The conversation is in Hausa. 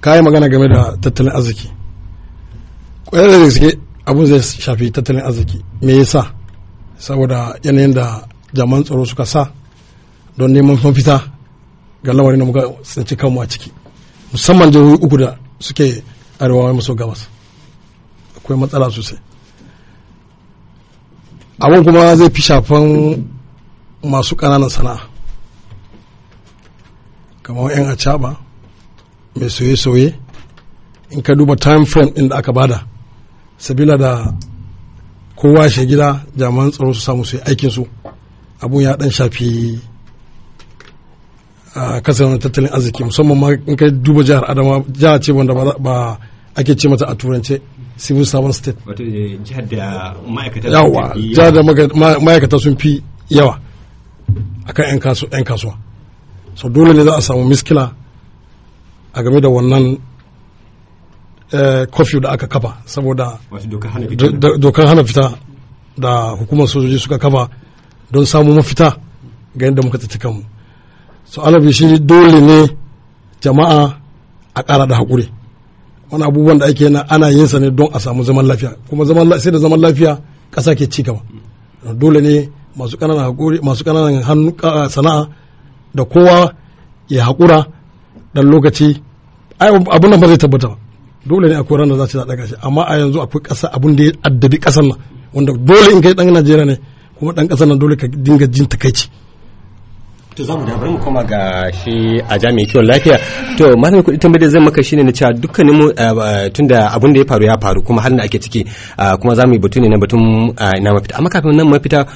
kayan magana game da tattalin arziki ƙwayar da suke abin zai shafi tattalin arziki me yasa saboda yanayin da jaman tsaro suka sa don neman fita ga lamarin da muka tsinci kanmu a ciki musamman jihohi uku da suke arewa maso gabas akwai matsala sosai abin kuma zai fi shafan masu ƙananan sana'a kamar 'yan acaba mai soye-soye in ka duba time frame ɗin da aka bada sabila da kowa shi gida jami'an tsaro su samu su yi su abun ya dan shafi a kasar tattalin arziki musamman ma in ka duba jihar adama jihar ce wanda ba ake ce mata a turance civil servant state eh, jihar da ma'aikata sun fi yawa kan 'yan kasuwa so dole ne za a samu miskila a game da wannan eh, kofi da aka kafa saboda dokar hana fita da hukumar sojoji suka kafa don samu mafita ga yadda muka tattaka mu so alabi shi dole ne jama'a a ƙara da haƙuri wani abubuwan da ake yana ana yin sa ne don a samu zaman lafiya kuma sai da zaman lafiya ƙasa ke ci gaba dole ne masu ƙananan masu ƙananan sana'a da kowa ya haƙura dan lokaci ai abun nan ba zai tabbata ba dole ne akwai ranar za ta daga shi amma a yanzu akwai ƙasa abun da ya addabi ƙasar nan wanda dole in kai dan Najeriya ne kuma dan ƙasar nan dole ka dinga jin takaici to zamu da bari mu koma ga shi a jami'in kiwon lafiya to malamin kuɗi tambayar zai maka shine na cewa dukkanin mu eh, tunda abun da ya faru ya faru kuma halin da ake ciki ah, kuma zamu yi batu ne na batun ah, ina mafita amma kafin nan mafita